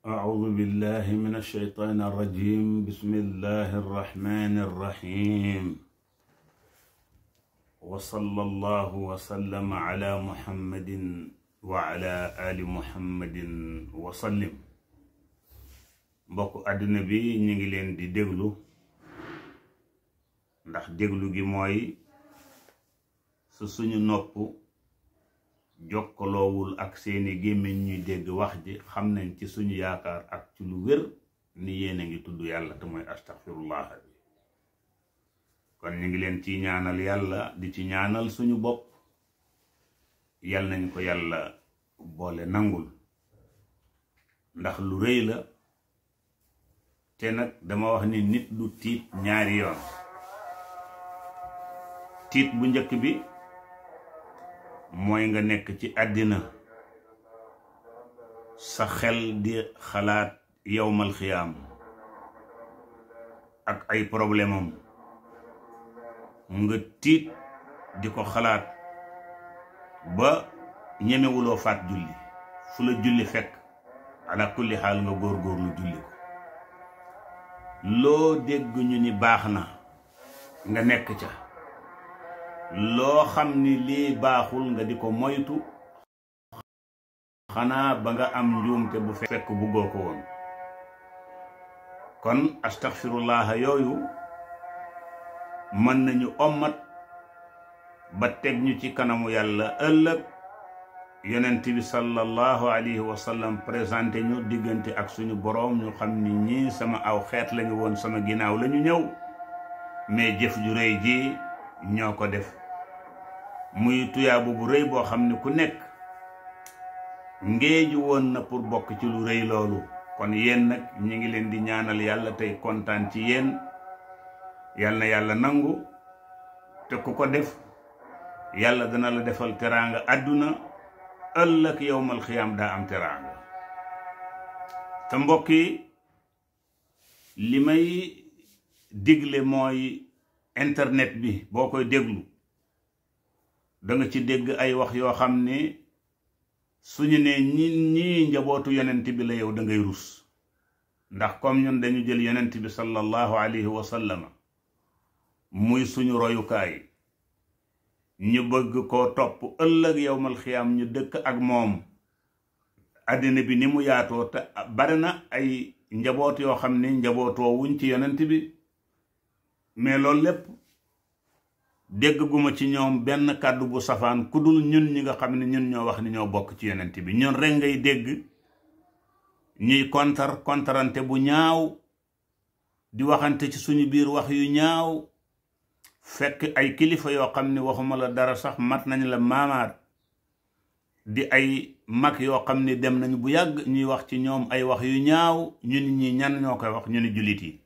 أعوذ بالله من الشيطان الرجيم بسم الله الرحمن الرحيم وصلى الله وسلم على محمد وعلى آل محمد وسلم mbokk àdduna bi ñu ngi leen di déglu ndax déglu gi mooy su suñu nopp jokkaloowul ak seeni gémmiñ ñuy dégg wax ji xam nañ ci suñu yaakaar ak ci lu wér ni yéen a ngi tudd yàlla te mooy astaxfirullah bi kon ñu ngi leen ci ñaanal yàlla di ci ñaanal suñu bopp yal nañ ko yàlla boole nangul ndax lu rëy la te nag dama wax ni nit lu tiit ñaari yoon tiit bu njëkk bi mooy nga nekk ci àddina sa xel di xalaat yowmal xiyaam ak ay problème am nga tiit di ko xalaat ba ñemewuloo faat julli fu la julli fekk ala kulli xaal nga góorgóorlu julli ko loo dégg ñu ni baax na nga nekk ca loo xam ni lii baaxul nga di ko moytu xanaa ba nga am njuumte bu fekk buggoo ko woon kon astaxfirullaha yooyu mën nañu ommat ba teg ñu ci kanamu yàlla ëllëg yonent bi sallallahu alayhi wa sallam présenté ñu diggante ak suñu boroom ñu xam ni ñii sama aw xeet lañu woon sama ginnaaw lañu ñëw mais jëf ju réy ji ñoo ko def muy tuyaabu bu rëy boo xam ne ku nekk ngéeju woon na pour bokk ci lu rëy loolu kon yéen nag ñi ngi leen di ñaanal yàlla tey kontaan ci yéen yàlla na yàlla nangu te ku ko def yàlla dana la defal teraanga àdduna ëllëg yowmal xiyaam daa am teraanga te mbokk yi li may digle mooy internet bi boo koy déglu danga ci dégg ay wax yoo xam ne su ne ñi ñii njabootu yonent bi la yow dangay ruus ndax comme ñun dañu jël yonent bi sallallahu alayhi wa sallama muy suñu royukaay ñu bëgg koo topp ëllëg yowmal xiyaam ñu dëkk ak moom àddina bi ni mu yaatoo te bari na ay njaboot yoo xam ne njabootoo ci yonent bi mais loolu lépp dégguma ci ñoom benn kàddu bu safaan ku dul ñun ñi nga xam ne ñun ñoo wax ni ñoo bokk ci yonent bi ñun rek ngay dégg ñuy kontar kontarante bu ñaaw di waxante ci suñu biir wax yu ñaaw fekk ay kilifa yoo xam ne waxuma la dara sax mat nañ la maamaat di ay mag yoo xam ne dem nañ bu yàgg ñuy wax ci ñoom ay wax yu ñaaw ñun ñi ñan ñoo koy wax ñu ni jullit yi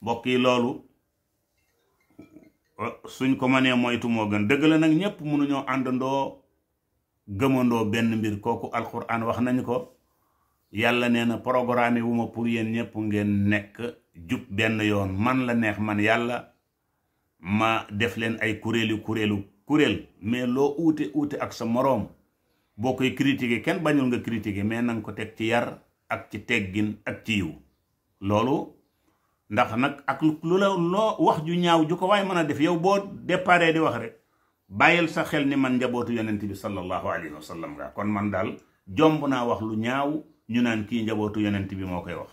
mbokk yi loolu suñ ko mënee moytu moo gën dëgg la nag ñépp mënuñoo àndandoo gëmandoo benn mbir kooku alxuraan wax nañu ko yàlla nee na programme wu ma pour yéen ñépp ngeen nekk jub benn yoon man la neex man yàlla ma def leen ay kuréelu kuréelu kuréel mais loo uute uute ak sa moroom boo koy critiquer kenn bañul nga critiquer mais nanga ko teg ci yar ak ci teggin ak ci yiw loolu ndax nag ak lu la loo wax ju ñaaw ju ko waaye mën a def yow boo déparé di wax rek bàyyil sa xel ni man njabootu yonent bi sallallahu alayhi wa sallam nga kon man daal jomb naa wax lu ñaaw ñu naan kii njabootu yonent bi moo koy wax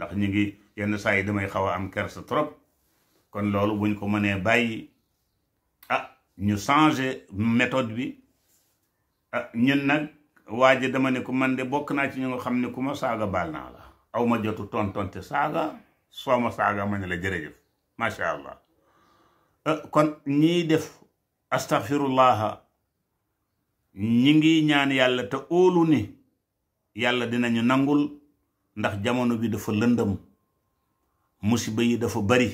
ndax ñu ngi yenn saa yi damay xaw a am kersa trop kon loolu buñ ko mënee bàyyi ah ñu changé méthode bi ah ñun nag waaje dama ne ko man de bokk naa ci ñu nga xam ne ku ma saaga baal naa la aw ma jotu tontonte saaga soo ma saaga ma ne la jërëjëf macha allah eh, kon ñiy def astaghfirullaha ñi ngi ñaan yàlla te óolu ni yàlla dinañu nangul ndax jamono bi dafa lëndëm musiba yi dafa bari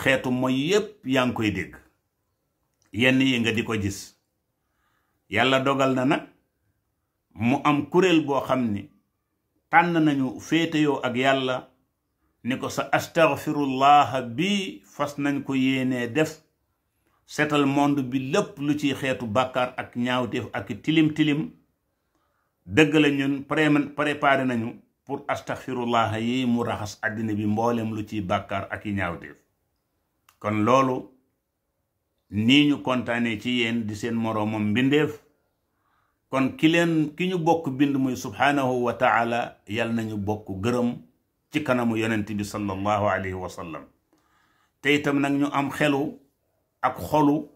xeetu mooy yépp yaa ngi koy dégg yenn yi nga di ko gis yàlla dogal na nag mu am kuréel boo xam ni tànn nañu féeteyoo ak yàlla ni ko sa astaghfirullah bi fas nañ ko yéene def seetal monde bi lépp lu ciy xeetu bàkkaar ak ñaawteef ak tilim-tilim dëgg la préparé nañu pour astaghfirullah yi mu raxas àddina bi mboolem lu ciy bàkkaar ak yi ñaawteef kon loolu nii ñu kontaanee ci yéen di seen moroomam mbindeef kon ki leen ki ñu bokk bind muy subhaanahu wa taala yal nañu bokk gërëm ci kanamu yonent bi sallallahu alayhi wa sallam te itam nag ñu am xelu ak xolu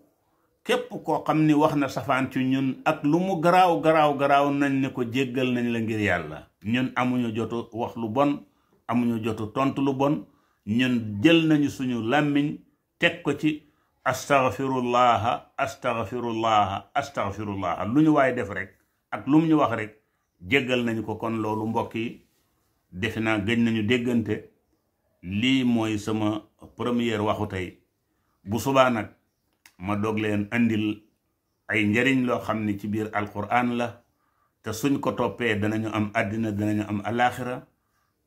képp koo xam ni wax na safaan ci ñun ak lu mu garaaw garaaw garaaw nañ ne ko jéggal nañ la ngir yàlla ñun amuñu jotu wax lu bon amuñu jotu tontu lu bon ñun jël nañu suñu làmmiñ teg ko ci astaghfirullaha astaghfirullaha astaghfirullaha lu ñu waaye def rek ak lu mu ñu wax rek jéggal nañu ko kon loolu mbokk defe naa gëj nañu déggante lii mooy sama première waxu tey bu subaa nag ma doog leen andil ay njariñ loo xam ni ci biir alquran la te suñ ko toppee danañu am àddina danañu am alaxira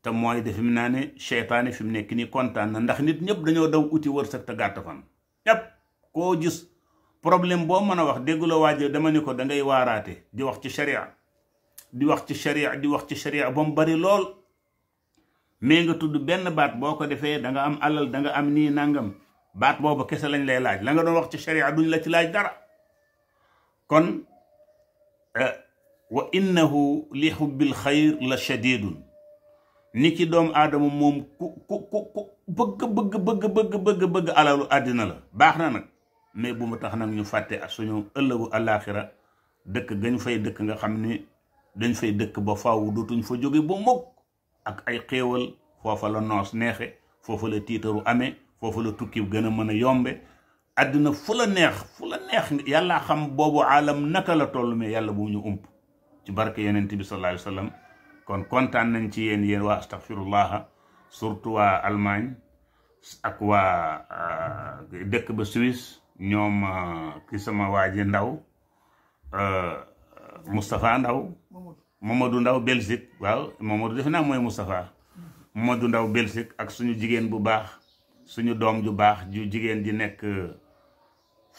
te mooy defi mu naa ne seytaane fi mu nekk nii kontaan na ndax nit ñëpp dañoo daw uti wërsëg te gàtt fan ñëpp koo gis problème boo mën a wax déggula waaje dama ni ko dangay waaraate di wax ci sharia di wax ci sharia di wax ci sharia ba mu bari lool mais nga tudd benn baat boo ko defee da nga am alal da nga am nii nangam baat boobu kese lañ lay laaj la nga doon wax ci sharia duñ la ci laaj dara kon eh, wa innahu li xubbil xayr la shadidun ni ki doom aadama moom ku ku ku bëgg bëgg bëgg bëgg bëgg bëgg alalu àddina la baax na nag mais bu mu tax nag ñu fàtte suñu ëllëgu àllaaxira dëkk gañ fay dëkk nga xam ni dañ fay dëkk ba faaw dutuñ fa jóge ba mukk ak ay xéewal foofa la noos neexe foofa la tiitaru amee foofa la tukki gën a mën a yombe àddina fu la neex fu xam boobu aalam naka la toll mais yàlla bu ñu ump ci barke yonent bi sallallahu kon kontaan nañ ci yéen yéen waa astaghfirullaha surtout waa Allemagne ak waa euh, dëkk ba Suisse ñoom euh, ki sama waa ji ndaw euh, Moustapha Ndaw Mamadou Ndaw Belgique waaw Mamadou defe naa mooy Moustapha Mamadou Ndaw Belgique ak suñu jigéen bu baax suñu doom ju baax ju jigéen ji nekk euh,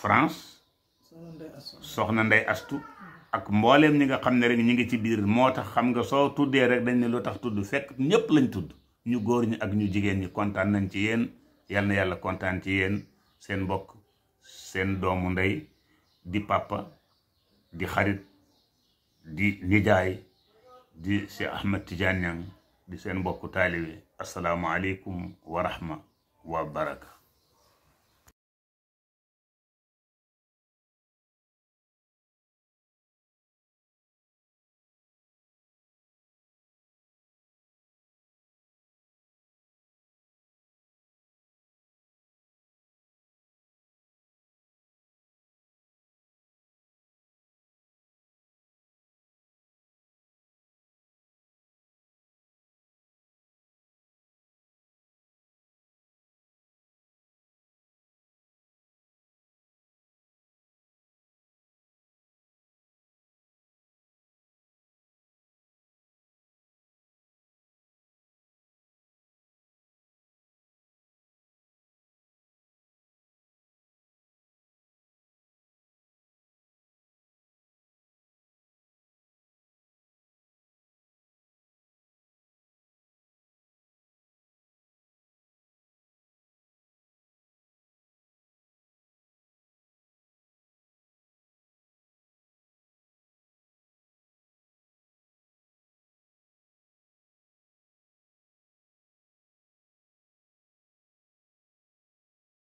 France soxna Ndey Astu ak mbooleem ñi nga xam ne rek ñi ngi ci biir moo tax xam nga soo tuddee rek dañ ne lu tax tudd fekk ñépp lañ tudd ñu góor ñi ak ñu jigéen ñi kontaan nañ ci yéen yal na yàlla kontaan ci yéen seen mbokk seen doomu nday di papa di xarit di nijaay di si Ahmed Tidiane Niang di seen mbokku taalibe asalaamualeykum wa rahma wa baraka